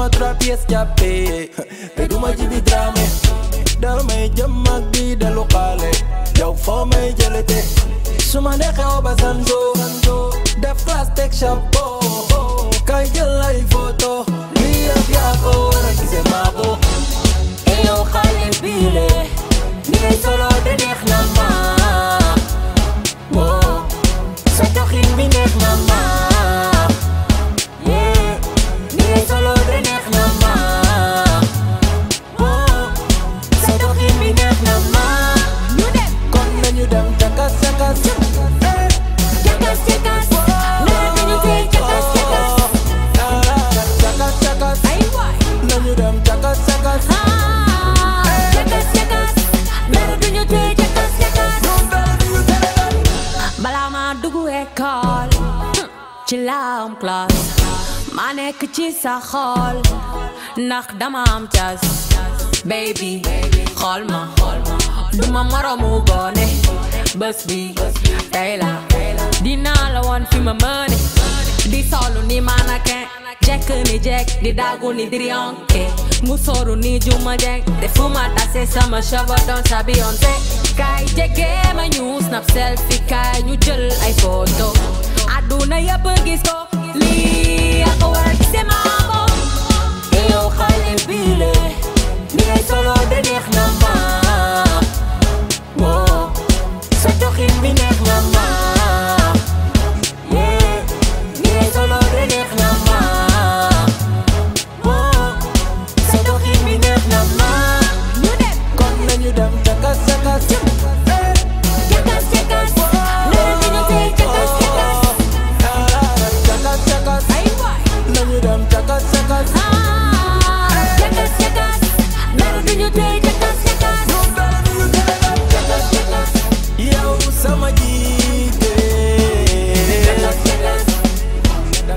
ma trois pièces jàppee te du ma jibi drame dal may jëm ak di delu xaale yow foo may jëlete su ma ne xew ba santo def classe teg chapeau kay jël lay photo lii yëpp yaa ko war a gisee maa ko e yow xale biile ni ngay solo de neex na ma sa joxin bi neex na ma alarm clock ma nekk ci sa xol ndax dama am cas baby xool ma duma moromu gone bés bi tey la dinaa la woon fi ma mëne di solu ni mannequin jekk ni jekk di daagu ni dirionke musóoru ni juma jeng defuma tase sama cheveux doon sa Kai kaay jege ma new snap selfie kaay ñu jël ay photo up against four.